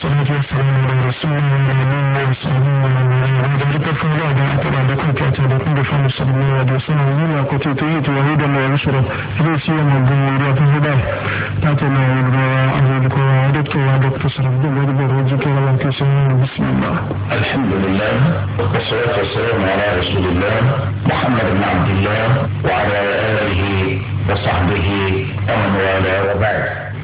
والصلاة والسلام على رسول الله صلى الله عليه وسلم ذلك قال أبي حتى بعدكم كأتى بكم بحمد صلى الله عليه وسلم لما قد أتيت وهدى وعشرة ليس يوم الدنيا في هداه أتى ما أعيدك وعدت وعدت سرد وعدت وجهك ولك الله الحمد لله والصلاة والسلام على رسول الله محمد بن عبد الله وعلى آله وصحبه ومن والاه وبعد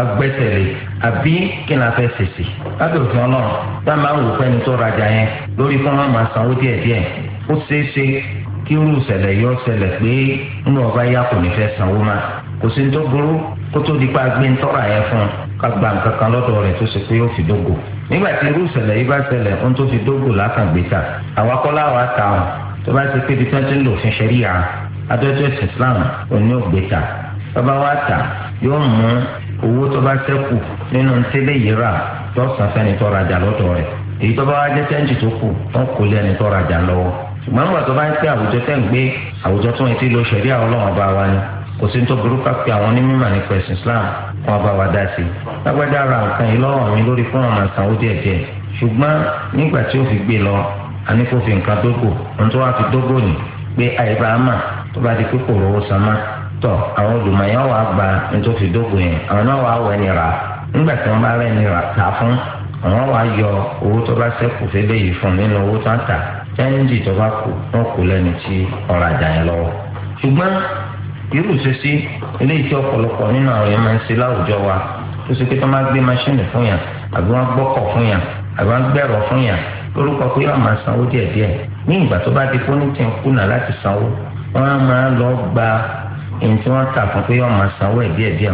agbẹ́sẹ̀lẹ̀ àbí kí sèse lábẹ́ òfin ọlọ́run tá a máa wò pẹ́ni tó rajà yẹn lórí fún wọn máa sanwó díẹ̀ díẹ̀ ó ṣeé ṣe kí irú ìṣẹ̀lẹ̀ yọ ṣẹlẹ̀ pé nínú ọba yá kò ní fẹ́ sanwó má kò sí ní tó burú kó tó di pa gbé ń tọ́ra yẹn fún un ká gba nǹkan kan lọ́dọ̀ rẹ̀ tó ṣe pé ó fi dógò nígbà tí irú ìṣẹ̀lẹ̀ yìí bá ṣẹlẹ̀ ohun tó fi dógò lákàngbé ta àwa kọ́lá wa ta ọ̀ tó bá ti pé ibi tí wọ́n ti ń lò fún ṣẹ́ríà adájọ́ ìsìn Islam òní ògbé ta bàbá wa owó tó bá ṣẹ́kù nínú tẹ́lẹ̀ yìí rà yọ san fẹ́ni tó rajà lọ́dọ̀ rẹ̀ èyí tó bá wá jẹ́ tẹ́ǹtì tó kù wọ́n kò lé ẹni tó rajà lọ́wọ́ ṣùgbọ́n nígbà tó bá ń pẹ́ àwùjọ tẹ́ àwùjọ tó ń ti lo Ọlọ́run bá wa ni kò sí tó burú ká pe àwọn onímọ̀ nípa ẹ̀sìn Islam kan bá wa dá sí i lórí fún ọ̀nà àsanwó ṣùgbọ́n nígbà tí ó fi gbé lọ àní kò fi nǹkan dógò ohun tó tọ àwọn olùmọ̀yàn wà gba nítòsí dógùn yẹn àwọn náà wà wẹ̀ nira nígbà tí wọ́n bá rẹ̀ nira tà fún àwọn wa yọ owó tó bá sẹ́kù fẹ́lẹ́ yìí fún nínú owó tó ń tà chẹ́ńjì tó bá kù wọ́n kù ọ̀rọ̀ àjà yẹn ṣùgbọ́n irú eléyìí tí ọ̀pọ̀lọpọ̀ nínú àwọn láwùjọ wa tó ṣe pé tó máa gbé maṣíìnì fún yàn àbí lọ gba èyí tí wọ́n tà fún pé yọ máa sanwó ẹ̀ díẹ̀díẹ̀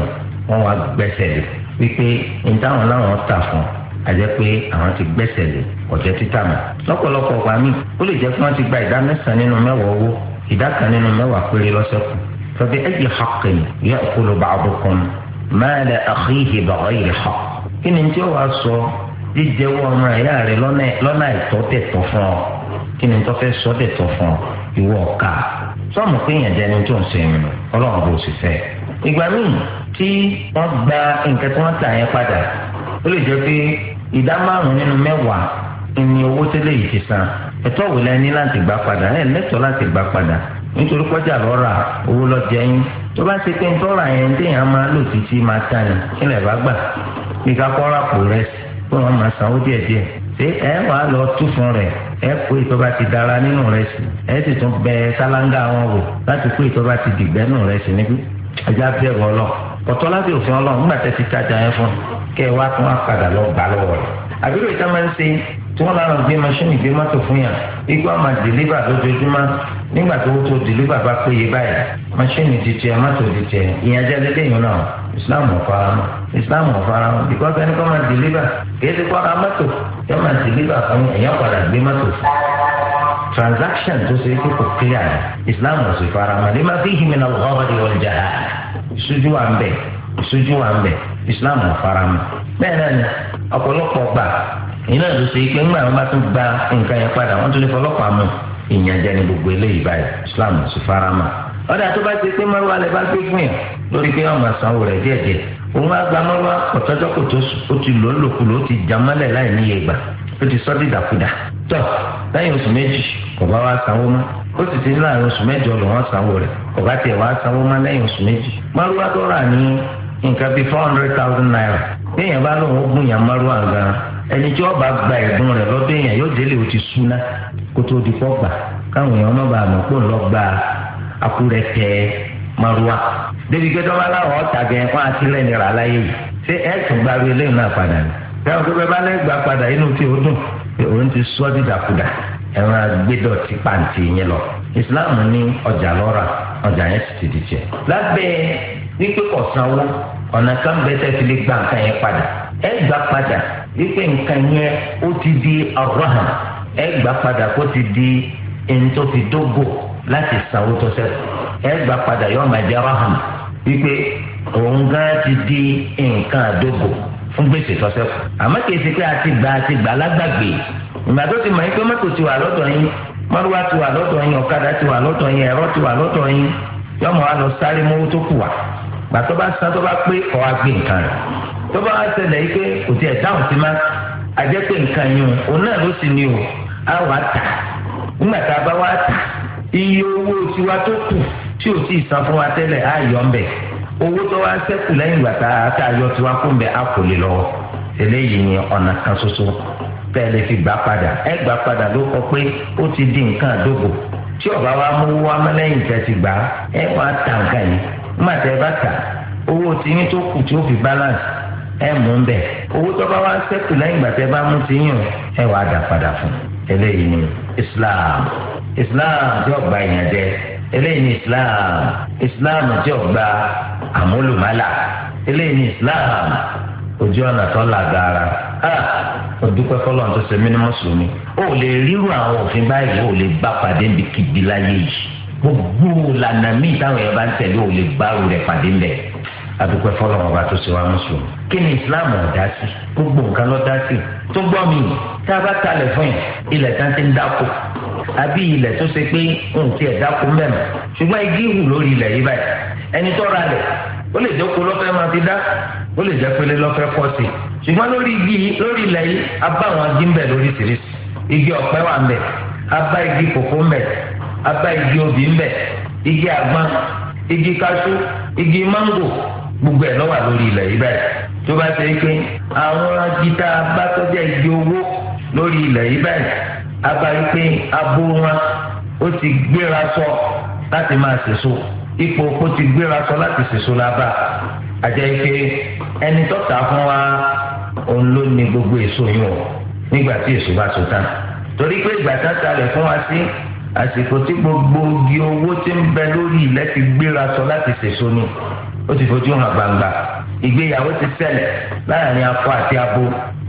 wọ́n wá gbẹ́sẹ̀ lé wípé èyí táwọn láwọn tà fún àjẹ́ pé àwọn ti gbẹ́sẹ̀ lé ọ̀jẹ́ títà mọ́ lọ́pọ̀lọpọ̀ ọ̀pá mi ó lè jẹ́ pé wọ́n ti gba ìdá mẹ́sàn-án nínú mẹ́wàá owó ìdá kan nínú mẹ́wàá péré lọ́sẹ̀kù fẹ́fẹ́ ẹ̀jẹ̀ haqqin ya'kulu ba'dukum mala akhihi sọ́ọ̀mù pé èèyàn jẹni tó ń ṣe yẹn nù ọlọ́run bó sì fẹ́. ìgbà míì tí wọ́n gba nǹkan tí wọ́n tà yẹn padà ó lè jẹ́ pé ìdá márùn-ún nínú mẹ́wàá ni owó tẹ́lẹ̀ yìí ti san ẹ̀tọ́ wò lẹ́ni láti gbà padà ẹ̀ lẹ́tọ̀ọ́ láti gbà padà nítorí pọ́jà lọ́ra owó lọ́jẹ́ yín tó bá ṣe pé ńtọ́ra yẹn téèyàn máa lò títí máa tà ní kílẹ̀ bá gbà kíkà kọ́ra kò rẹ̀ sí pé máa sanwó díẹ̀díẹ̀ ṣé ẹ wàá lọ tú fún rẹ̀ ẹ kó ìtọ́ba ti dára nínú rẹ̀ sí ẹ sì tún bẹ sálángà wọn wò láti kó ìtọ́ba ti dìgbẹ́ nù rẹ̀ sí níbí ẹja bẹ̀rù ọlọ ọ̀tọ́ láti òfin ọlọ́run nígbà tẹ́ ti tajà yẹn fún kẹ́ ẹ wá tún wá padà lọ gbà lọ́wọ́ rẹ̀ àbúrò ìta máa ń ṣe tí wọ́n lára gbé maṣíìnì gbé mọ́tò fún yàn igbó àmà dìlíbà lójoojúmọ́ nígbà tó tó dìlíbà bá péye báyìí maṣíìnì ti tiẹ̀ mọ́tò ti tiẹ̀ ìyẹn ajá lélẹ́yìn náà islam ọ̀faramọ́ islam ọ̀faramọ́ bíkọ́sì ẹni kọ́ máa dìlíbà kì í ti kọ́ra mọ́tò yọ máa dìlíbà fún èèyàn padà gbé mọ́tò fún transaction tó ṣe kókò clear islam ọ̀sìn faramọ́ ní máa fi hìmìn ọ̀gá ìwọ̀njà ìṣojú wa ń bẹ̀ ìṣojú wa ń bẹ̀ islam ọ̀faramọ́ bẹ́ẹ̀ náà ni ọ̀pọ̀lọpọ̀ gbà iná ló ṣe pé ńgbà wọn bá tún gba nǹkan yẹn padà wọn tún lè fọlọ́pàá mú ìyànjẹ ni gbogbo eléyìí báyìí islam ọ̀sìn faramọ́ ọ̀dà tó bá ti pé mọ́rùwá lè bá gbé fún yẹn lórí pé ọmọ àsanwó rẹ̀ díẹ̀díẹ̀ òun á gba mọ́wá ọ̀tọ́jọ́ kò tó ó ti lò ó lòkulò ti já mọ́lẹ̀ láì níye ìgbà ó ti sọ́ dìdàkudà ti ní láàrin oṣù mẹ́jọ lòun sanwó sanwó lẹ́yìn oṣù méjì tó rà ní nǹkan bíi four hundred thousand naira bá lóun ó yàn gan ẹni ọba gba ẹ̀gbọ́n rẹ̀ lọ́dọ̀ èèyàn yóò délé o ti súná kó tó di pọ́ káwọn èèyàn maruwa débi gbé dọ́wọ́ aláwọ̀ ọ̀tà gẹ̀ wọ́n á sílẹ̀ nira láyé yìí ṣé ẹ tún gba ru eléyìí náà padà ni bẹ́ẹ̀ kó bẹ́ẹ̀ bá lẹ́ gbà padà inú tí o dùn òun ti sọ́ dídàkudà ẹ̀rọ agbẹ́dọ̀tì pàǹtì yẹn lọ ìsìláàmù ní ọjà lọ́ra ọjà yẹn ti ti di tiẹ̀. lábẹ́ wípé ọ̀sánwó ọ̀nà kan bẹ́ẹ̀ tẹ́ fi lè gba nǹkan yẹn padà ẹ gbà padà wípé nǹkan yẹn ó ti di ọ̀rọ̀ hàn ẹ gbà padà kó ti di ẹni tó ti ẹ gbà padà yọ ọmọ ẹjẹ raham wípé òun gan ti di nǹkan àdógò fún gbèsè tọ́sẹ̀ kù. àmọ́ kìí ṣe pé a ti gba a ti gba lágbàgbé ìgbà tó ti mọ̀ yín pé mọ́tò ti wà lọ́dọ̀ yín mọ́rúwá ti wà lọ́dọ̀ yín ọ̀kadà ti wà lọ́dọ̀ yín ẹ̀rọ sáré mọ́wó tó kù wá gbà tó pé ọ wá gbé nǹkan rẹ̀ tó bá ṣẹlẹ̀ yìí pé kò tiẹ̀ má a jẹ́ o wà á nígbà tá tiwa tó tí ò sì san fún wa tẹ́lẹ̀ á yọ ń bẹ̀ owó tó wá sẹ́kù lẹ́yìn ìgbà tá a tá a yọ tiwa kó ń á ọ̀nà kan tẹ́lẹ̀ fi gbà padà ẹ gbà padà ló kọ pé ó ti di nǹkan àdógò tí ọba wa mú wá mẹ́lẹ́yìn tẹ́ ti gbà ẹ ta nǹkan yìí má tẹ́ bá ta owó tó kù tí fi balance ẹ mú owó tó bá wá sẹ́kù lẹ́yìn ìgbà tẹ́ bá mú Islam Islam yóò gba eléyìí ni islam islam tí ò gba àmúlùmálà eléyìí ni islam ojú ọ̀nà tó làgàrà ọdúpẹ́ fọlọ́n tó ṣe mí ní mùsùlùmí ó lè ríru àwọn òfin báyìí ó lè bá pàdé níbi kìdí láyé yìí gbogbo lànà míì táwọn èèyàn bá ń tẹ̀lé ó lè bárò rẹ̀ pàdé ńbẹ̀ adúpẹ́ fọlọ́n ọba tó ṣe wá mùsùlùmí kí ni islam ọ̀dá sí gbogbo nǹkan lọ́dá sí tó gbọ́ mi tá a bá talẹ̀ fún yẹn ilẹ̀ tá ti ń dáko àbí ilẹ̀ tó ṣe pé nǹkan tiẹ̀ dáko mẹ́mọ̀ ṣùgbọ́n igi hù lórí ilẹ̀ yìí báyìí ẹni tó ra lẹ̀ ó lè jókòó lọ́fẹ́ máa fi dá ó lè jẹ́ pélé lọ́fẹ́ kọ́ sí i ṣùgbọ́n lórí igi lórí ilẹ̀ yìí a bá àwọn igi ń bẹ̀ lóríṣiríṣi igi ọ̀pẹ wà ń bẹ̀ a bá igi kòkó ń bẹ̀ a bá igi obì ń bẹ̀ igi àgbọn igi kaṣú igi máńgò gbogbo ẹ̀ lọ́wọ́ lórí ilẹ̀ yìí báyìí tó bá ṣe é pé àwọn igi tá igi owó lórí ilẹ̀ yìí báyìí abáyípé abó wọn ó ti gbéra sọ láti máa sèso ipò ó ti gbéra sọ láti sèso lába àjẹ́ ike ẹni tó tà fún wa òun ló ní gbogbo èso yìí o nígbà tí èso bá so tán torí pé ìgbà tá a ta rẹ̀ fún wa sí àsìkò tí gbogbo igi owó ti ń bẹ lórí ilẹ̀ ti gbéra sọ láti sèso ni ó ti fojú hàn gbangba ìgbéyàwó ti ṣẹlẹ̀ láàrin akọ àti abo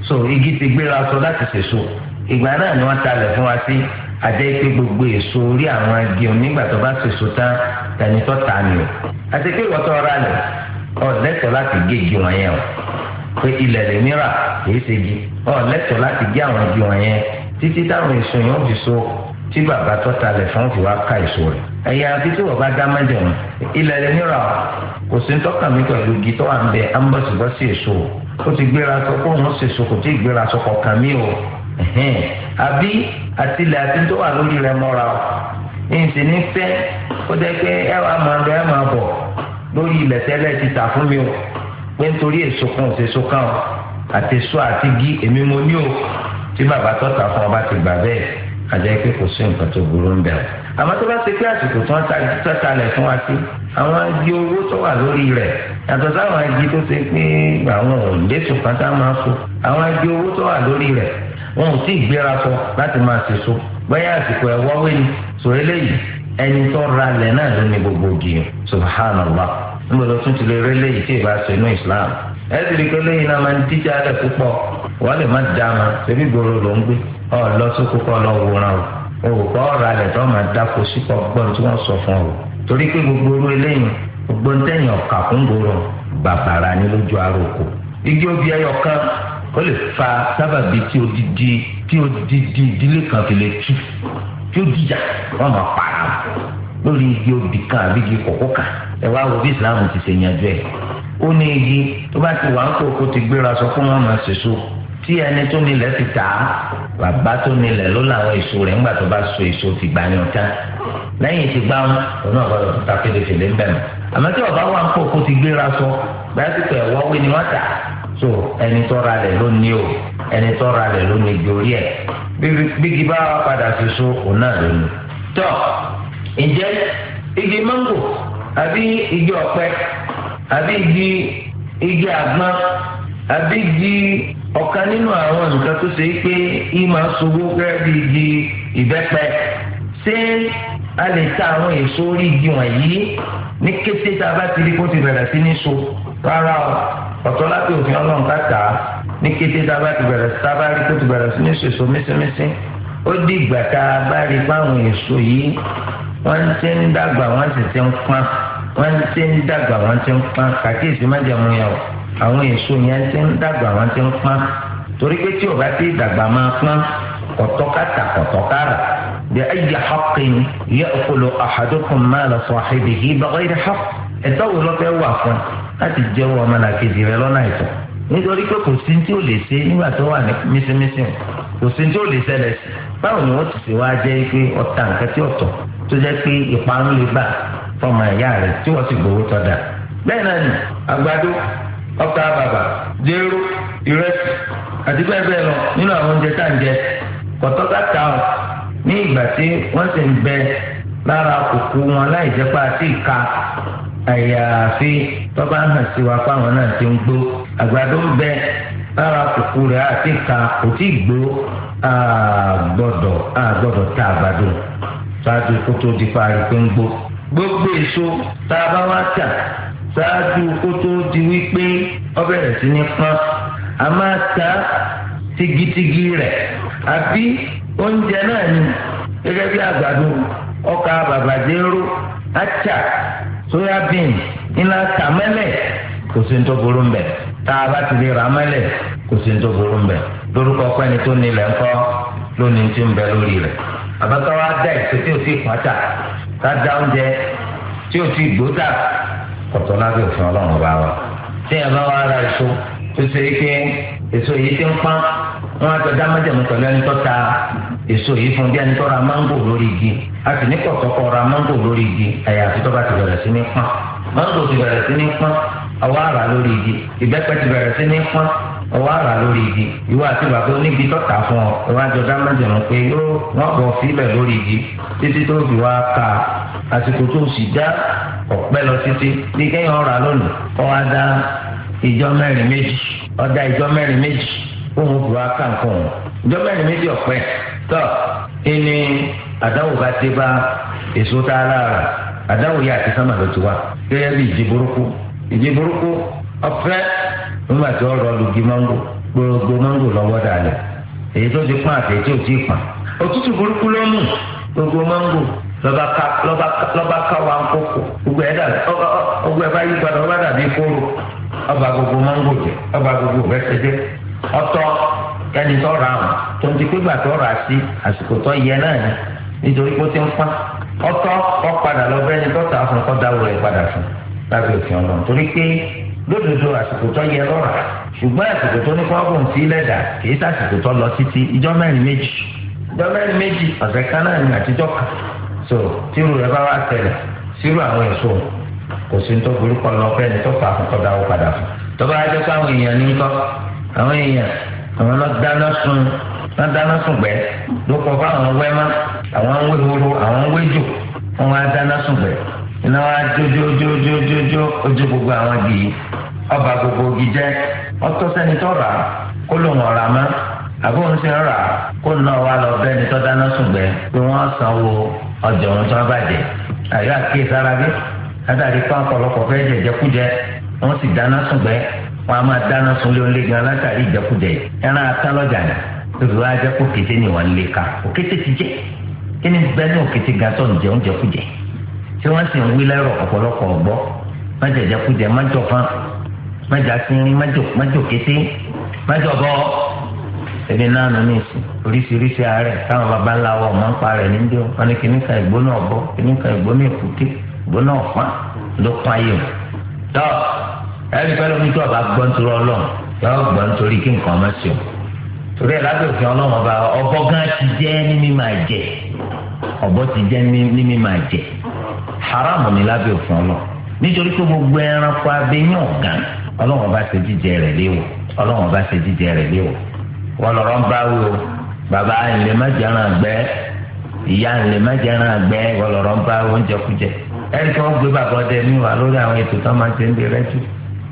so igi ti gbéra sọ láti sèso ìgbà náà ni wọ́n talẹ̀ fún wa sí àjẹ́ pé gbogbo èso orí àwọn agi onígbà tó bá ṣèso tán tẹni tó tà ní o àti pé ìwọ́tọ̀ ọ̀rá lẹ̀ ọ̀ lẹ́tọ̀ọ́ láti gégi wọn yẹn o pé ilẹ̀ lè mìíràn kìí ṣègi ọ̀ lẹ́tọ̀ọ́ láti gé àwọn igi wọn yẹn títí táwọn èso yẹn ó fi so tí bàbá tó talẹ̀ fún fi wá ká èso rẹ̀ ẹ̀yà àti tí wọ́n bá dá mẹ́jọ̀ọ́ ilẹ̀ lè mìíràn kò sí ń mi pẹ̀lú igi tó wà ń bẹ ambọ̀sibọ́sì èso o ó ti gbéra sọ àbí àtìlẹ̀ àti tó wà lórí rẹ̀ mọ́ra o ǹsì ní fẹ́ ó jẹ́ pé ẹ wàá máa bẹ ẹ máa bọ̀ lórí ilẹ̀ tẹ́lẹ̀ ti tà fún mi o pé nítorí èso ò ṣe so o àti so àti gí èmi mo ní o tí bàbá tọ́ta fún ọba ti gbà bẹ́ẹ̀ àjẹ́ pé kò sí nǹkan tó burú ń bẹ̀rẹ̀ àmọ́ tó bá ṣe pé àsìkò tí wọ́n tẹ̀sálẹ̀ fún wa sí àwọn agi owó tó wà lórí rẹ̀ yàtọ̀ sáwọn agi tó ṣe pé àwọn òǹdẹ́sùn kan tá máa fò àwọn agi owó tó wà lórí rẹ̀ wọn ò tí ì gbéra sọ láti máa ṣèso bẹ́ẹ̀ àsìkò ẹ̀ wáwé ni sọ eléyìí ẹni tó ra lẹ̀ náà ló ní gbogbo gìyàn subhanallah níbo ló tún ti lè rí eléyìí tí islam ẹ sì rí i pé lẹ́yìn náà máa ń díjà púpọ̀ wọ́n lè má dá ma ṣebí gbòòrò ló ń gbé ọ lọ sí lọ o òkò ọ̀ra lẹ̀ tó máa dáko sípò gbọ́n tí wọ́n sọ fún torí pé gbogbo orú eléyìí gbogbo ń tẹ̀yìn ọ̀kà fún ó lè fa sábàbí tí odidi tí odidi ìdílé kan fi lè tú tí ó dìjà wọn máa para lórí igi obì kan àbí igi kòkó kan ẹ wá wo bí islam ti ṣe yanjú ẹ ó ní igi tó bá ti wà ń kó kó ti gbéra sọ fún wọn máa ṣèṣó tí ẹni tó nílẹ̀ ti tà á bàbá tó nílẹ̀ ló làwọn èso rẹ̀ ńgbà tó bá so èso ti gbà yàn tán lẹ́yìn ti gbà wọn òun náà gbọ́dọ̀ tó ta fèlèfèlè ń bẹ̀ mọ́ àmọ́ tí ọba wà ń kó kó ti gbéra sọ báyìí pẹ̀lú ẹ̀wọ́ wí ni wọ́n tà á so ẹni tọ́ra rẹ̀ ló ní o ẹni tọ́ra rẹ̀ ló ní gbórí ẹ̀ bígi bá wa padà fi so òun náà ló ní. tọ́ ǹjẹ́ igi mango àbí igi ọ̀pẹ àbí igi igi àgbọn àbí igi ọ̀kan nínú àwọn nǹkan tó ṣe é pé í máa ṣòwò gẹ́gẹ́ bí igi ìbẹ́pẹ ṣé a lè ta àwọn èso orí igi wọ̀nyí ní kété tá a bá ti rí kó ti bẹ̀rẹ̀ sí ní so rárá o ọ̀tọ̀ láti òfin ọlọ́run káta ní kété tábà ti bẹ̀rẹ̀ tábà rí kó ti bẹ̀rẹ̀ sí ní sòsò mísímísí ó di ìgbà tá a bá rí báwọn èso yìí wọ́n ti ń dàgbà wọ́n sì ti ń pọ́n wọ́n ti ń dàgbà wọ́n ti ń pọ́n kàkíyèsí májàmú yẹn o àwọn èso yẹn ti ń dàgbà wọ́n ti ń pọ́n torí pé tí o bá ti dàgbà máa pọ́n kọ̀tọ́kàtà kọ̀tọ́kàrà bí ayé haqqin ya'kulu ahadukum mala sahibihi bighayri haqq ẹ̀tọ́ wo ló láti jẹ́wọ́ ọmọlàkejì rẹ lọ́nà àìtọ́ nítorí pé kò sí tí ó lè ṣe nígbà tó wà ní mísímísì kò sí tí ó lè ṣẹlẹ̀ sí báwo ni wọ́n ti ṣe wá jẹ́ pé ọ̀tá nǹkan tí ọ̀tọ̀ tó jẹ́ pé ìparun lè bà fọmọ ìyá rẹ̀ tí wọ́n sì gbowó tọ́ da. bẹ́ẹ̀ náà ni àgbàdo ọkà bàbà jéró ìrẹsì àti bẹ́ẹ̀ bẹ́ẹ̀ lọ nínú àwọn oúnjẹ tá à ń jẹ kọ̀tọ́ ká ta ọ̀ ní ìgbà tí wọ́n sì ń bẹ lára kòkó wọn láì àyàfi tọ́ba hàn sí wa fáwọn náà ti ń gbó àgbàdo ń bẹ lára kùkù rẹ̀ àti ka kò tí ì gbó àgbọ̀dọ̀ àgbọ̀dọ̀ tá àgbàdo ṣáájú kó di parí pé gbogbo èso tá a bá wá tà ṣáájú kó tó di wípé ó sí ní pọ́n a máa ta tigitigi rẹ̀ àbí oúnjẹ náà ni gẹ́gẹ́ bí àgbàdo ọkà soya bean iná tà mẹ́lẹ̀ kò sí tó burú mbẹ̀ tá a bá ti lè rà mẹ́lẹ̀ kò sí ní tó burú mbẹ̀ lórúkọ pẹ́ni tó nílẹ̀ ńkọ́ lónìí ti ń bẹ lórí rẹ̀ àbáká wa dá èso tí o ti pàtà ká dá oúnjẹ tí o ti gbóta kọ̀tọ́ lábẹ́ òfin ọlọ́run bá wa tí yẹn bá wa ra èso tó ṣe é pé èso yìí ti ń pọ́n wọn á tọ́ dá pẹ̀lú ẹni tó ta èso yìí fún bí ẹni tó ra máńgò lórí igi a sì ní kọ̀tọ́kọ̀ ra máńgò lórí igi àyàfi tó bá ti bẹ̀rẹ̀ sí ní pọ́n máńgò ti bẹ̀rẹ̀ sí ní pọ́n ọwọ́ àrà lórí igi ìbẹ́pẹ ti bẹ̀rẹ̀ sí ní pọ́n ọwọ́ àrà lórí igi ìwọ àti bàbá onígi tọ́ta fún ọ ìwọ àjọ dámọ̀jẹ̀mọ̀ pé yóò wọ́n bọ̀ fílẹ̀ lórí igi títí tó fi wá ka àsìkò tó sì dá ọ̀pẹ lọ títí bí kẹ́yìn ọ̀rà lónìí ọ̀ tọ ẹni àdáwò bá dé bá èso tá a lára àdáwò yà àti sámà ló ti wá gẹ́gẹ́ bí ìjì burúkú ìjì burúkú ọ̀fẹ́ nígbà tí ọ̀rọ̀ lùgì gbogbo máńgò lọ́wọ́ dàlẹ̀ èyí tó ti pọ́n àti èyí tó ti pọ́n òtútù burúkú ló mú gbogbo lọ́ba ká wa ń gbogbo ẹ̀ bá yí padà ọba dàbí kóró ọba gbogbo jẹ ọba gbogbo kẹ́ni tó ra àwọn tó ń ti pé gbà tó rà sí àsìkò tó yẹ náà ni nítorí pé ó ti ń pa ọtọ́ ọ padà lọ bẹ́ni tó ta fún kọ́ dáwọ́ rẹ̀ padà fún lábẹ́ òfin ọlọ́run torí pé lódodo àsìkò tó yẹ lọ́ra ṣùgbọ́n àsìkò tó ní pọ́ọ̀bù ti lẹ́dà kì í sàsìkò tó lọ títí ìjọ mẹ́rin méjì ìjọ mẹ́rin méjì ọ̀sẹ̀ kan náà ní àtijọ́ kan so tírú rẹ bá wá tẹ̀lẹ̀ sírú àwọn èso kò sí tó burúkọ lọ bẹ́ni tó ta fún kọ́ dáwọ́ padà fún tọ́ba ajẹ́ pé àwọn èèyàn ní kọ́ àwọn náà dáná sun náà dáná kọ fún àwọn wẹ́mọ́ àwọn ń àwọn ń wọn wá dáná sun gbẹ iná wa jójójójójójó ojú gbogbo àwọn igi yìí ọba gbogbo igi jẹ ọtọ sẹni tó rà kó ló ń ọ̀rà mọ́ àbó ń rà kó lọ ni dáná sun gbẹ pé wọn wọn a máa dáná sunlé wọn lé gan látàrí ìjẹkújẹ ẹran atán lọ́jà ni tóbi wá jẹ́ kó kété ni ka òkété ti jẹ́ kí ni bẹ́ẹ̀ ní òkété ga tó ń jẹ oúnjẹ kújẹ tí wọ́n sì ń wí lẹ́rọ̀ ọ̀pọ̀lọpọ̀ ọ̀gbọ́ má ma kújẹ fan jọ sínrin má jò kété náà nù ní ìsìn oríṣiríṣi táwọn ńlá máa ń wọn ni kìnnìkan ìgbóná ọ̀bọ kìnnìkan ìgbóná èkúté ìgbóná ọ̀pá ló ẹni pẹ́ lómi tó ọba gbọ́n torí ọlọ́run yọ gbọ́n torí kí nǹkan ọmọ sí o torí ẹ̀ lábẹ́ òfin ọlọ́run ọba gan ti jẹ́ ní mímà jẹ ọbọ̀ ti jẹ́ ní ni lábẹ́ òfin ọlọ́run nítorí pé gbogbo ẹranko abẹ́yàn gan ọlọ́run ọba ṣe jíjẹ rẹ̀ o bàbá ìlẹ̀ baba jẹran ìyá ìlẹ̀ má jẹran wọn lọ́rọ́ ń bá oúnjẹ kújẹ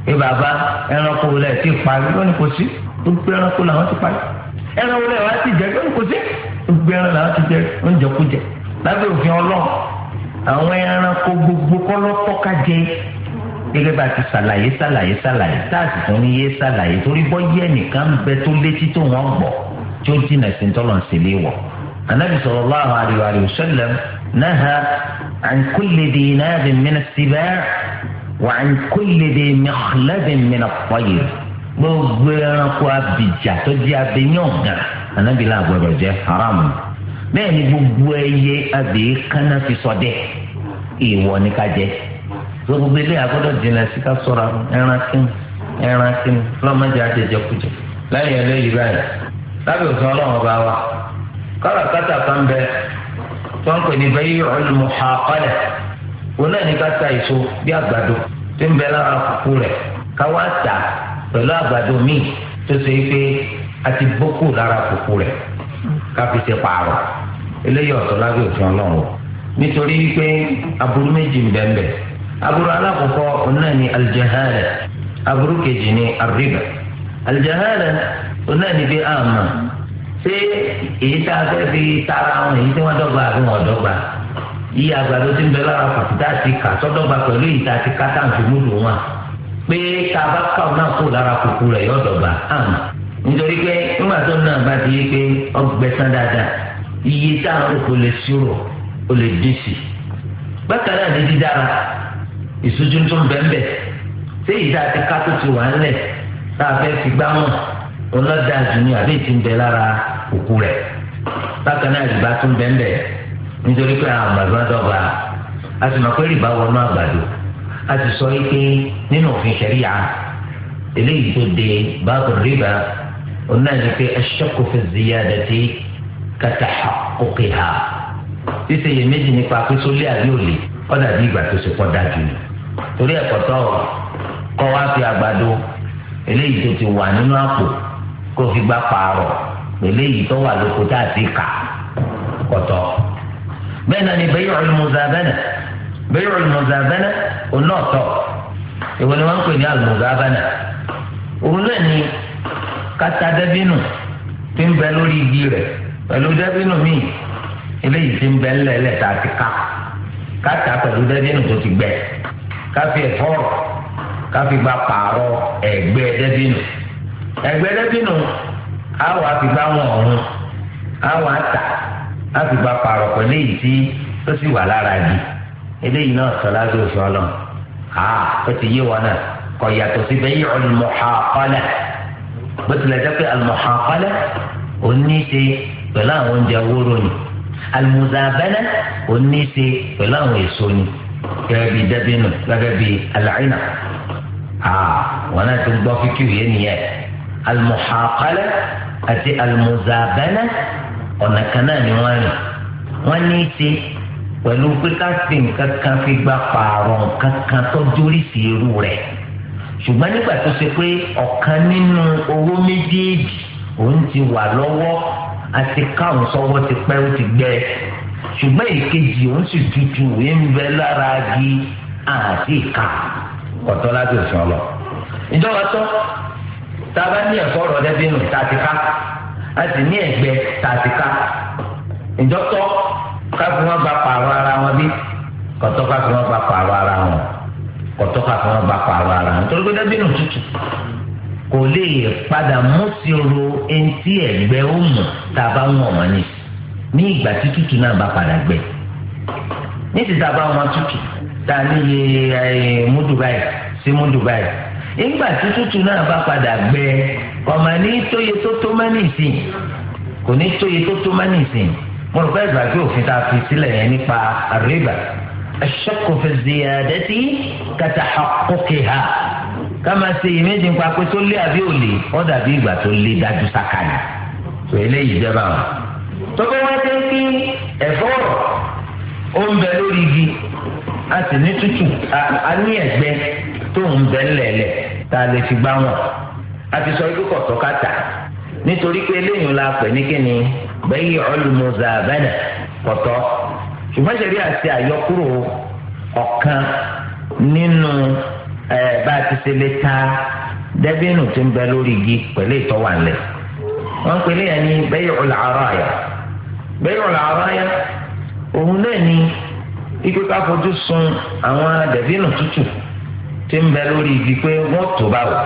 pé bàbá ẹranko wọlé ti parí lónìí kò sí gbogbo ẹranko làwọn ti parí ẹran wọlé wàá ti jẹ lónìí kò sí gbogbo ẹran làwọn ti jẹ oúnjẹ kú jẹ lábẹ́ òfin ọlọ́run àwọn ẹranko gbogbo kọ́lọ́kọ́ ká jẹ gẹ́gẹ́ bá a ti ṣàlàyé ṣàlàyé ṣàlàyé táàsì tó ní yé ṣàlàyé torí bọ́ yẹ nìkan bẹ tó létí tó wọ́n gbọ́ tí ó dínà sí tọ́lọ̀ ń sèlé wọ̀. anabi sallallahu alaihi wa sallam naha an kulli dinarin min as-sibaa' وعن كل ذي مخلب من الطير gbogbo ẹranko abidjan tó di abẹnyàn gan anabi la gbọ́dọ̀ jẹ haram bẹ́ẹ̀ ni gbogbo ẹyẹ abẹ kanna fi ṣọdẹ ìwọ ni ká jẹ gbogbo ilé agbọ́dọ̀ jìnnà sí ká ṣọ́ra ẹran kínní ẹran kínní fúlọmọdé àjẹjẹkújẹ lẹ́yìn ẹlẹyìí báyìí lábẹ́ òfin Ọlọ́run ọba wa kọlà kátà kan bẹ tó ń pè ní òun náà ní ká ta èso bí àgbàdo tó ń bẹ lára kúkú rẹ̀ ká wá tà pẹ̀lú àgbàdo míì tó ṣe pé a ti bókù lára kúkú rẹ̀ ká fi ṣe pààrọ̀ eléyìí ọ̀tọ̀ lábẹ́ òfin ọlọ́run nítorí pé aburú méjì ń bẹ́ẹ̀ bẹ́ẹ̀ aburú alákọ̀ọ́kọ́ òun náà ní aljahala aburú kejì ní arriba aljahala òun náà ní bí àmà ṣé èyí tá a fẹ́ fi tara wọn èyí tí wọ́n dọ́gba àbí wọn dọ́gba iye àgbàdo tí ń bẹ lára pàtàkì àti kà sọ́dọ̀gba pẹ̀lú ìta àti kátà ń fi múlò wọn pé tá a bá kà náà kó lára kúkú rẹ̀ yọ̀ dọ̀gba hàn nítorí pé nígbà tó náà bá ti yé pé ọgbẹ́sán dáadáa iye tá a ń kó lè ṣòro ó lè dín sí i bákan náà ní dídára ìṣojú tó ń bẹ́ńbẹ́ ṣé ìdá àti kátó ti wà ńlẹ̀ tá a fẹ́ fi gbá mọ̀ ọlọ́dà jù ní àbí ìtì ń bẹ lára òkú rẹ̀ bákan náà ìbá tó ń bẹ́ńbẹ́ nítorí pé àwọn àgbàdo dọ́gba a sì mọ̀ pé rìbá wọnú àgbàdo a sì sọ pé nínú òfin ṣẹ̀ríyà eléyìí tó de báàbò rìbá òun náà ni pé aṣọ́kò fi ziyadati katahaqquqiha ṣíṣe iyèméjì nípa pé sólé àbí òlè ọ̀dà bí ìgbà tó ṣe pọ̀ dájú ni torí ẹ̀kọ́ kọ́ wá fi àgbàdo eléyìí tó ti wà nínú àpò kó fi gbá pààrọ̀ eléyìí tó wà lóko tá a ti kà kọ̀tọ̀. bẹ́ẹ̀ náà ni bẹ́ẹ̀ yọ̀ọ́ mùsàbẹ́nà bẹ́ẹ̀ yọ̀ọ́ mùsàbẹ́nà òun ìwọ ni wọ́n ń pè ní àlùmùsàbẹ́nà òun náà ni kata dẹ́bínù ti ń bẹ lórí igi rẹ̀ pẹ̀lú dẹ́bínù míì eléyìí ti ń bẹ ńlẹ̀ẹ́lẹ̀ tá a ti ká kata pẹ̀lú dẹ́bínù tó ti gbẹ káfí ẹ̀fọ́ káfí gba pààrọ̀ ẹ̀gbẹ́ dẹ́bínù ẹ̀gbẹ́ dẹ́bínù àwọn wọn ọ̀run láti gba pààrọ̀ pẹ̀lú èyí tí ó sì wà lára di eléyìí náà sọ lábẹ́ òfin ọlọ́run àá ó ti yé wọn náà kò yàtọ̀ sí bẹ́ẹ̀ al-muhaqala bó tilẹ̀ jẹ́ pé al-muhaqala ò ní ṣe pẹ̀lú àwọn oúnjẹ wóró ni al ò ní ṣe pẹ̀lú àwọn èso ni gẹ́gẹ́ bíi dẹ́bínú gẹ́gẹ́ bíi al-ina wọn náà ti gbọ́ fíkìrì yẹn nìyẹn al àti al ọ̀nà kan náà ni wọ́n rìn wọ́n ní í ṣe pẹ̀lú pé ká fi nǹkan kan fi gba pààrọ̀ nǹkan kan tó jórísì irú rẹ̀ ṣùgbọ́n nígbà tó ṣe pé ọ̀kan nínú owó méjèèjì òun ti wà lọ́wọ́ àti káwọn sọ́wọ́ ti pẹ́ ó ti gbẹ ṣùgbọ́n èkejì òun sì tutù òye ń bẹ lára agi àti ìka ọ̀tọ́ láti òfin ọlọ. ìjọba tó tá a bá ní ẹ̀fọ́ ọ̀rọ̀ dẹ́bínú tá a ti ká a sì ní ẹ̀gbẹ́ tàtíkà ìjọ́tọ́ ká fi wọ́n gba pààrọ̀ ara wọn bí kọ̀tọ́ ká fi wọ́n gba pààrọ̀ ara wọn kọ̀tọ́ ká fi wọ́n gba pààrọ̀ ara wọn torí pé dábìnú tútù kò lè padà mú sí ro eŋti ẹ̀gbẹ́ ó mọ̀ tá a bá wọ̀n wọn ni ní ìgbà tí tútù náà bá padà gbẹ ní ti tá a bá wọn tútù tá a níye múdù báyìí sí múdù ìgbà tí tútù náà bá padà gbẹ ọmọ ní tóye tó tó má nìsín kò ní tóye tó tó má nìsín mo rò pé ìgbàgbé òfin tá a fi sílẹ̀ yẹn nípa àríbà aṣọ́kò fi ziyadati kàtà àkókè ha ká máa ṣe ìméjì nípa pé tó lé àbí òlè ó dàbí ìgbà tó lé dájú sákàlì tó eléyìí jẹ́ báwọn. tó bá wá dé kí ẹ̀fọ́ ó ń bẹ lórí igi a sì ní tútù a ní ẹ̀gbẹ́ tó ń bẹ ńlẹ̀ẹ́lẹ̀ tá a lè fi gbá wọn. àti sọ ikú kọ̀tọ́ ká nítorí pé eléyìí la pè ní kíni bẹ́yì ọlùmọ̀ọ́sà bẹ́ẹ̀ kọ̀tọ́ ṣùgbọ́n ṣẹ̀rí àti àyọkúrò ọ̀kan nínú bá a ti ṣe lè ta dẹ́bínù tó ń bẹ lórí igi pẹ̀lú ìtọ́wà wọ́n pè léyìn ní bẹ́yì ọ̀làárọ̀ bẹ́yì ọ̀làárọ̀ òun náà ni ikú ká fojú sun àwọn dẹ́bínù tútù tó ń bẹ lórí igi pé wọ́n tó báwò.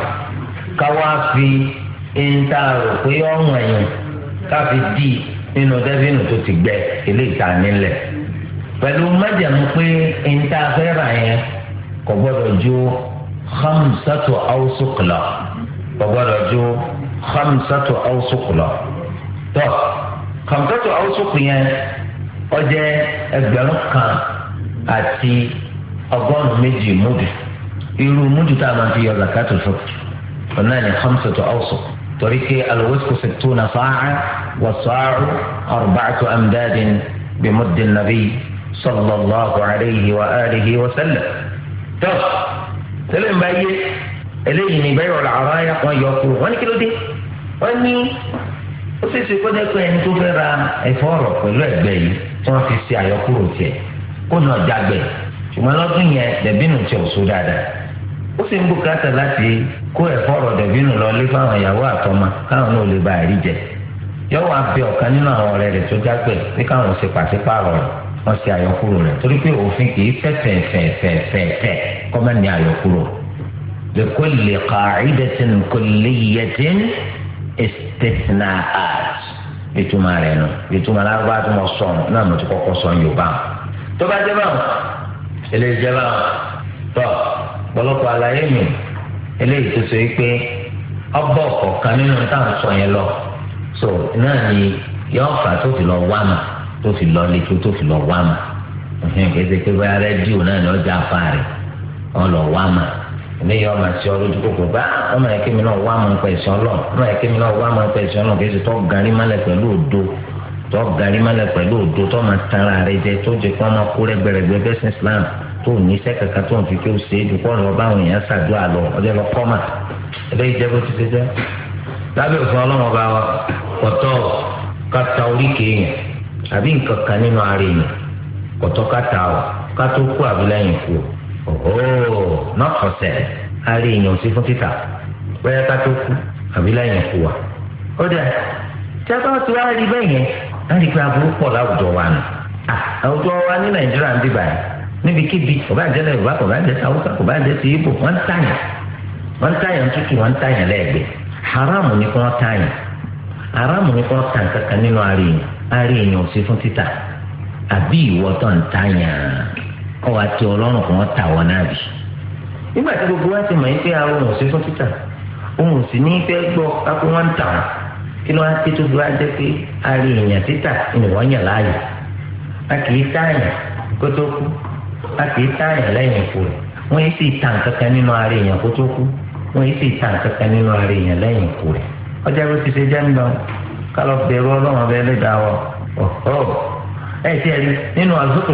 ká wá fi ẹ̀ńtà rò pé ọ̀hún ẹ̀yìn ká fi dì nínú dẹ́bìnù tó ti gbẹ ilé ìta nílẹ̀ pẹ̀lú májàmú pé ẹ̀ńtà fẹ́ rà yẹn kò gbọ́dọ̀ ju hamsatu awusukula kò gbọ́dọ̀ ju hamsatu awusukula tó hamsatu awusukula yẹn ó jẹ́ ẹgbẹ̀rún kan àti ọgọ́rùn-ún méjì múdù irú múdù tá a máa fi yọ zakatu fún ọ̀nà ni hamsatu awsat torí pé alwusku sittuna sa'a wa sa'u arba'atu amdadin bi muddi nabi sallallahu alayhi wa alihi wa sallam. tó tẹ́lẹ̀ ń bá yé eléyìí ni bẹ́ẹ̀ ọ̀la ọ̀rọ̀ ayé wọn yọ kúrò wọn ní kí ló dé wọn ní ó sì ṣe kó dẹ́kun ẹni tó fẹ́ ra ẹ̀fọ́ ọ̀rọ̀ pẹ̀lú ẹ̀gbẹ́ yìí tí wọ́n fi ṣe àyọkúrò tiẹ̀ kó náà jágbẹ́ ṣùgbọ́n lọ́dún yẹn dẹ̀bínú tiẹ̀ ò so dáadáa ó sì ń bùkátà láti kó ẹ̀fọ́ ọ̀rọ̀ dẹ̀bí nù lọ lé fáwọn ìyàwó àtọmọ káwọn náà lè ba àrí jẹ yọ wá fi ọ̀kan nínú àwọn ọ̀rẹ́ rẹ̀ tó jágbẹ̀ pé káwọn ṣe pàṣípààrọ̀ rẹ̀ wọ́n ṣe àyọkúrò rẹ̀ torí pé òfin kì í fẹ̀fẹ̀fẹ̀fẹ̀fẹ̀ kọ́mọ́ ní àyọkúrò لكل قاعدة كلية استثناءات ìtumọ̀ rẹ̀ nù ìtumọ̀ lárúbá tó mọ sọ̀n náà mo ti kọ́kọ́ sọ yorùbá tó bá jẹ́ báwọn eléyìí jẹ́ báwọn tọ́. ọ̀pọ̀lọpọ̀ àlàyé mi eléyìí tó so yìí pé ọgbọ́ ọ̀kọ̀ọ̀kan nínú táwọn yẹn lọ so náà ni yọọ fà tó fi lọ wá mà tó fi lọ lè tó fi lọ wá mà kéde pé bá rẹ́díò náà ni ọjà afa ọ lọ wá mà eléyìí ọmọ àti ọlójú kòkò bá ah, ọmọ yẹn náà wá mà ń lọ ọmọ yẹn náà wá mà ń lọ tó òdo tó òdo tó máa tara jẹ tó jẹ kó ọmọ gbẹrẹgbẹ tó ní iṣẹ́ kankan tó ń fi kí o ṣe é dùkọ́ ọ̀rọ̀ báwọn èèyàn ṣàdúrà lọ ọdẹ lọ kọ́ mà ẹbẹ́ yìí jẹ́ bó ti ṣe jẹ́ lábẹ́ òfin ọlọ́wọ́n bá wa kọ̀tọ́ kàtà oríkèé yẹn àbí nǹkan kan nínú ara èèyàn kọ̀tọ́ kàtà ọ̀ kátó kú àbí lẹ́yìn kú ọ̀ náà fọ̀sẹ̀ ara èèyàn sí fún títà bóyá kátó kú àbí kú wa. ó dẹ tí a bá ti wá rí bẹ́ẹ̀ níbikíbi ọba bá jẹ́ yorùbá ọba bá jẹ́ ọba kò bá jẹ́ ti ibo wọ́n tàyàn wọ́n tàyàn tútù wọ́n tàyàn lẹ́ẹ̀gbẹ́ haramu ni kò tàyàn haramu ni kò tàn kankan ọ wa ti mọ̀ pé fún títà òun sì ní fẹ́ gbọ́ kápẹ́ tà kí ló wá sí tó pé títà ni wọ́n yàn a kì í táyà lẹ́yìn ikú rẹ̀ wọ́n yìí sì tàn kankan nínú ara èèyàn kó tó kú wọ́n yìí sì tàn kankan nínú ara èèyàn lẹ́yìn ikú rẹ̀ ọjà bó ti ṣe jẹ́ ọlọ́run ọbẹ̀ ọ̀họ́ ẹ̀ tiẹ̀ nínú àzókò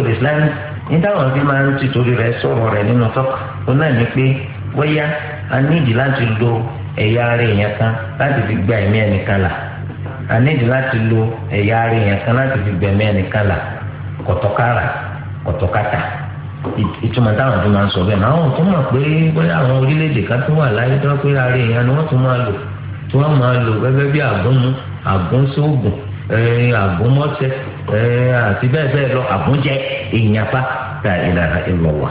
ní táwọn fi máa ń rẹ̀ sọ̀rọ̀ rẹ̀ nínú tọ́kà ó kan láti fi gba ẹ̀mí ìtumọ̀ táwọn tó máa ń sọ bẹ́ẹ̀ náà àwọn tó mọ̀ pé bóyá àwọn orílẹ̀-èdè ká tó wà láyé tó pé ara èèyàn ni wọ́n tún máa lò tí wọ́n máa lò gẹ́gẹ́ bí àgúnmu àgúnsóògùn àgúnmọ́sẹ̀ àti bẹ́ẹ̀ bẹ́ẹ̀ lọ àgúnjẹ ìyàpá ta ìlànà ìlọ̀wà.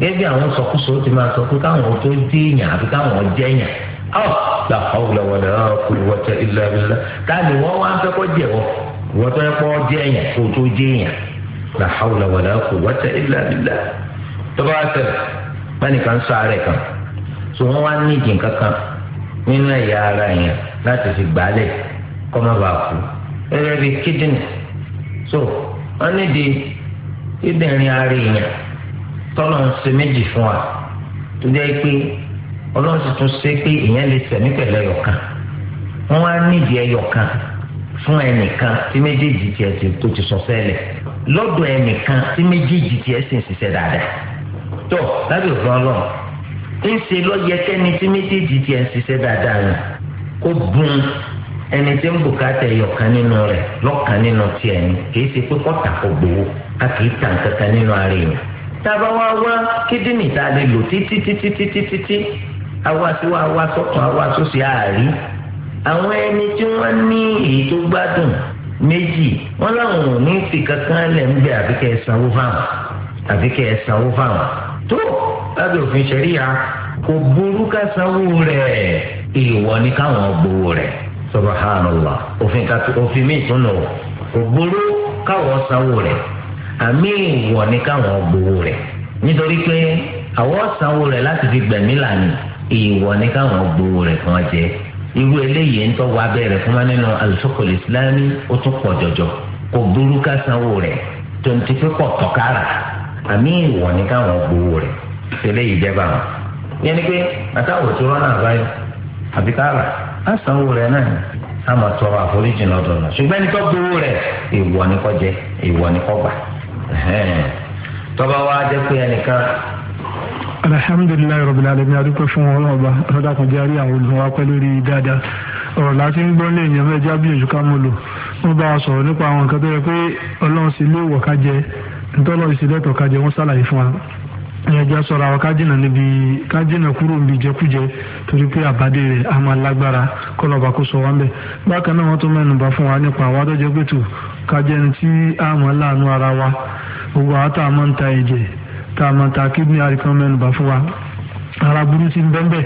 gẹ́gẹ́ bí àwọn sọkúsọ ti máa sọ pé káwọn tó dé èèyàn àbí káwọn jẹ́ èèyàn ọ̀ ah, la hawla wala quwwata illa billah ta ni wọ́n wá ń fẹ́ kọ́ jẹ́ wọ́n wọ́n tó jẹ́ èèyàn kó tó jẹ́ èèyàn la hawla wala quwwata illa billah tọ́ba wá ṣẹlẹ̀ bánìkan sọ àárẹ̀ kan tó wọ́n wá ní ìdí nǹkan kan nínú ẹ̀yà ara yẹn láti fi gbálẹ̀ kọ́ má bàa kú ẹ̀rẹ́ bíi kídìnì so wọ́n nídi kídìnrín ara yẹn tọ́lọ̀ ń ṣe méjì fún wa tó jẹ́ pé ọlọ́run ti tún ṣe pé ìyẹn lè sẹ̀mí pẹ̀lú ẹyọkan wọ́n wá nídi ẹyọkan fún ẹnìkan tí méjèèjì tiẹ̀ tó ti sọ sẹ́lẹ̀ lọ́dọ̀ ẹnìkan tí méjèèjì tiẹ̀ sì ń ṣiṣẹ́ dáadáa. tọ lábẹ́ òfin ọlọ́run ń ṣe lọ́yẹ tí méjèèjì tiẹ̀ ń ṣiṣẹ́ dáadáa rẹ̀ kó gun ẹni tí ń bùkátà ẹ̀yọ̀kan nínú rẹ̀ lọ́kàn nínú tiẹ̀ ni kì ṣe pé kọ́tà kò gbowó a kì tà nínú ara èèyàn wá wá tá a awa sí wa wá awa tó ṣe àárí àwọn ẹni tí wọ́n ní èyí tó gbádùn méjì wọ́n láwọn ò ní tó lábẹ́ òfin ṣẹ̀ríya kò burú ká sanwó rẹ̀ ìwọ ni káwọn gbowó rẹ̀ subhanallah òfin kàtó òfin mi tún nù kò burú káwọn sanwó rẹ̀ àmì ìwọ ni káwọn gbowó rẹ̀ nítorí pé àwọn sanwó rẹ̀ láti fi gbẹ̀mí lànà ìwọ ni káwọn gbowó rẹ̀ kàn jẹ irú eléyìí ń tọ́wọ́ abẹ́rẹ́ fún wa nínú al-fiqhul islami ó tún pọ̀ jọjọ kò burú ká sanwó rẹ̀ tó ń ti fi pọ̀ tọ́kára. àmì ìwọ̀ ni káwọn gbowó rẹ̀ tẹ́lẹ̀ yìí jẹ́ báwọn. yẹn ni pé àtàwọn tí wọ́n náà báyọ̀ àbí káàrà á sanwó rẹ̀ náà á máa àforíjì ṣùgbọ́n ẹni tó gbowó rẹ̀ ni kò jẹ́ ni kò gbà. tọ́ba wa alhamdulilayi rabil alamin fún dáadáa láti ń léèyàn lò wọ́n bá a sọ̀rọ̀ nípa àwọn nǹkan tó ntọ́lọ́ ìṣẹ̀lẹ̀tọ̀ kájẹ wọ́n sàlàyé fún wa ẹ̀jẹ̀ sọ̀rọ̀ àwọn kájìnà níbi kájìnà kúrò níbi jẹkújẹ torí pé àbádé rẹ̀ a máa lágbára kọlọ́ba kó sọ wá ń bẹ̀. bákan náà wọ́n tún mẹ́nu bá fún wa nípa àwọn adọ́jọ́ pẹ̀tù kájẹni tí a máa láàánú ara wa gbogbo àwọn tá a máa ń ta ẹ̀jẹ̀ tá a máa ta kídìní àríkan mẹ́nu bá fún wa ara burú ti ń bẹ́ńbẹ́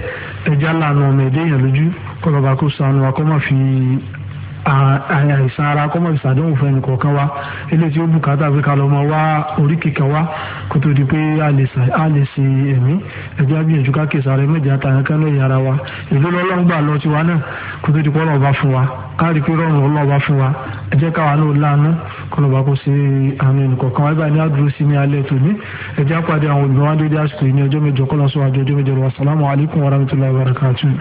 ẹja lànà ọmọ ẹ̀dẹ́ àìsàn ara kọ́mọ̀ ìsàdéhùn fún ẹnì kọ̀ọ̀kan wa eléyìí tí ó bùkátà pé ká lọ mọ wá orí kíkan wa kó tó di pé a lè ṣe ẹ̀mí ẹ̀jẹ̀ àgbìyànjú ká kèsà rẹ̀ mẹ́jẹ̀ àtàyàn kan lóye ara wa èló lọ́lọ́run gbà lọ tiwa náà kó tó di pé ọlọ́run bá fún wa káàrí pé rọrùn ọlọ́run bá fún wa ẹ jẹ́ káwa náà láàánú kọ́nà bá kó ṣe àwọn ẹnì kọ̀ọ̀kan wa ibà ní àdúró sí ní alẹ́ tòní ẹ jẹ́ àpàdé àwọn olùgbọ́n wa dédé àsìkò yìí ní ọjọ́ mẹ́jọ kọ́lọ́sọ àjọ ọjọ́ mẹ́jọ lọ́wọ́ assalamu alaikum warahmatullahi wabarakatuh